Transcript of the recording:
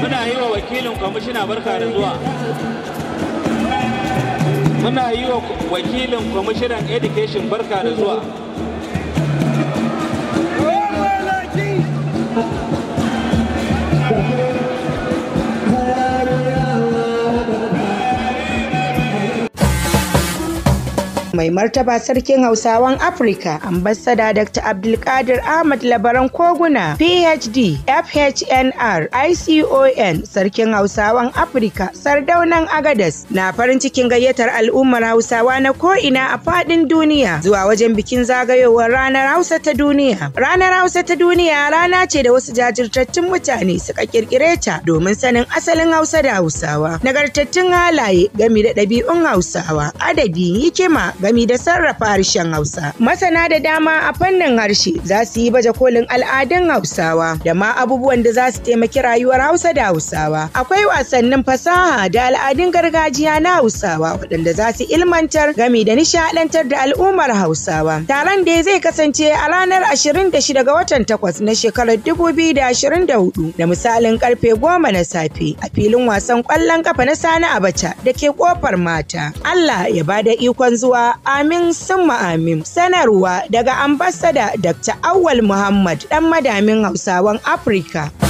muna yi wa wakilin kwamishina barka da zuwa muna yi wa wakilin kwamishinan education barka da zuwa mai martaba sarkin hausawan afirka ambasada dr abdulkadir ahmad labaran koguna phd fhnr icon sarkin hausawan afirka sardaunan agadas na farin cikin gayyatar al'ummar hausawa na ko'ina a fadin duniya zuwa wajen bikin zagayowar ranar hausa ta duniya ranar hausa ta duniya rana ce da wasu jajirtattun mutane suka kirkire ta domin sanin asalin hausa da hausawa nagartattun halaye game da ɗabi'un hausawa adabi hikima gami da sarrafa harshen Hausa. Masana da dama a fannin harshe za su yi baje kolin al'adun Hausawa da ma abubuwan da za su taimaki rayuwar Hausa da Hausawa. Akwai wasannin fasaha da al'adun gargajiya na Hausawa waɗanda za su ilmantar gami da nishaɗantar da al'ummar Hausawa. Taron da zai kasance a ranar 26 ga watan 8 na shekarar 2024 da misalin karfe goma na safe a filin wasan ƙwallon kafa na Sani Abacha da ke kofar mata. Allah ya bada ikon zuwa amin summa amin. Sanarwa daga ambasada Dr. Awal Muhammad ɗan madamin Hausawan Afirka.